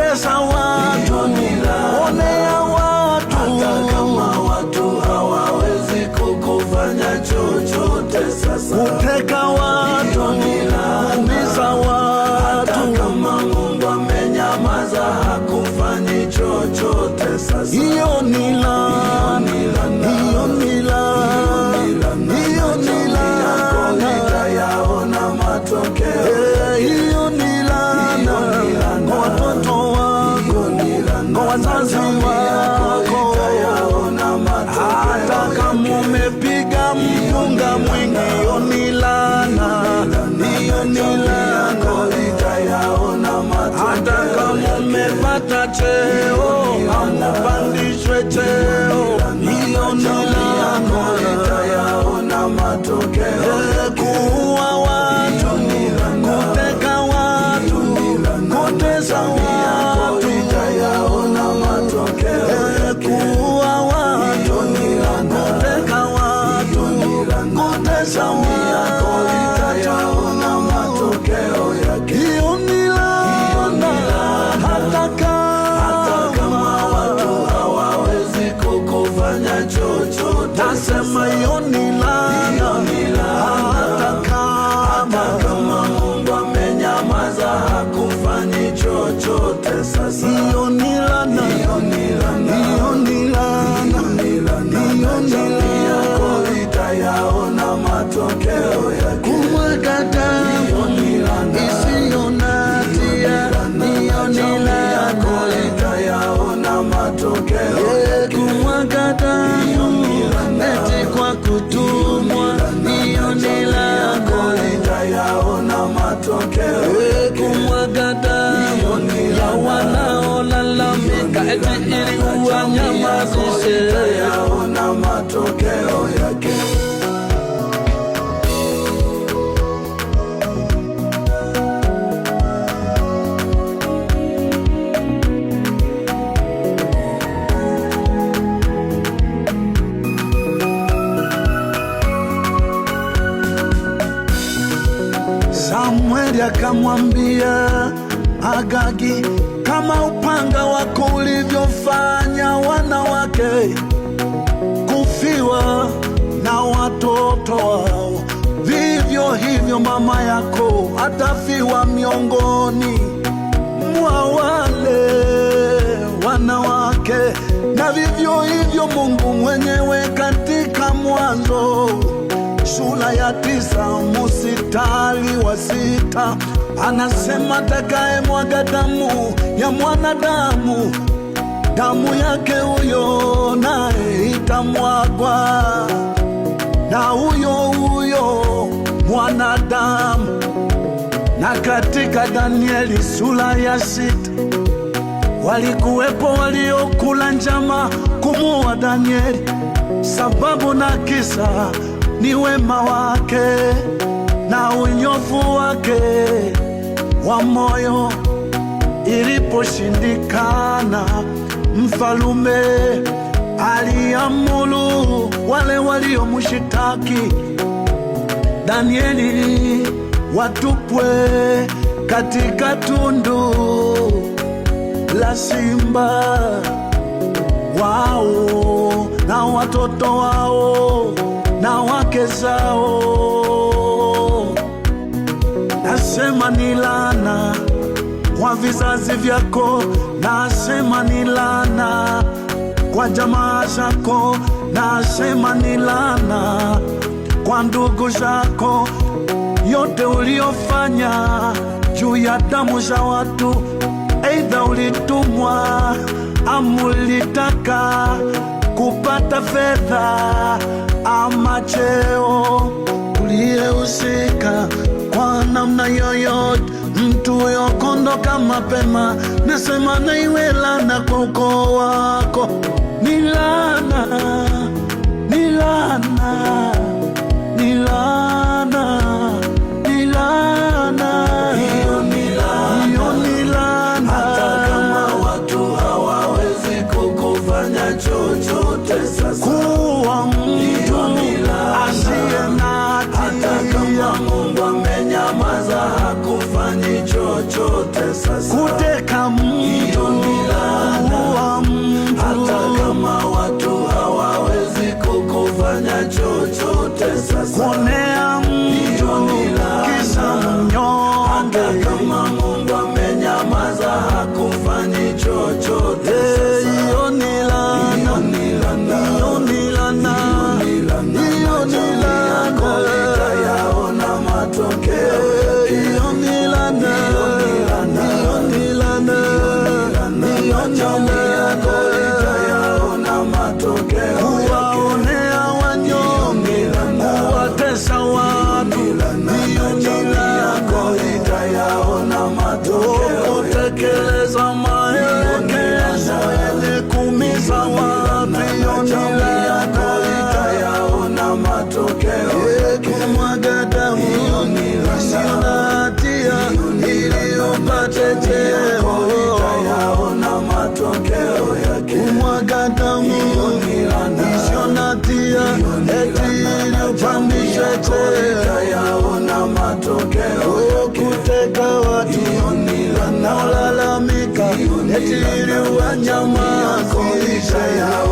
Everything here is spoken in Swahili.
pesa watu on eti ili uwanyamazishe, yaona matokeo yake. samweli akamwambia Agagi kama upanga wako ulivyofanya wanawake kufiwa na watoto wao, vivyo hivyo mama yako atafiwa miongoni mwa wale wanawake, na vivyo hivyo Mungu mwenyewe katika Mwanzo sura ya tisa musitali wa sita anasema atakaye mwaga damu ya mwanadamu damu yake huyo naye itamwagwa na huyo huyo mwanadamu. Na katika Danieli sura ya sita walikuwepo waliokula njama kumuua Danieli, sababu na kisa ni wema wake na unyofu wake wa moyo iliposhindikana, mfalume aliamulu wale mushitaki Danieli watupwe katika tundu la simba. Wao na watoto wao na wake zao Nasema ni laana kwa vizazi vyako, nasema ni laana kwa jamaa zako, nasema ni laana kwa ndugu zako. Yote uliofanya juu ya damu za watu, aidha ulitumwa amulitaka kupata fedha ama cheo, uliyehusika kwa namna yoyote, mtu yokondoka mapema, nasema na iwe laana kwa ukoo wako, ni laana, ni laana, ni laana chochote sasa kuteka utayaona matokeo. Kuteka watu wanaolalamika eti iliwanyama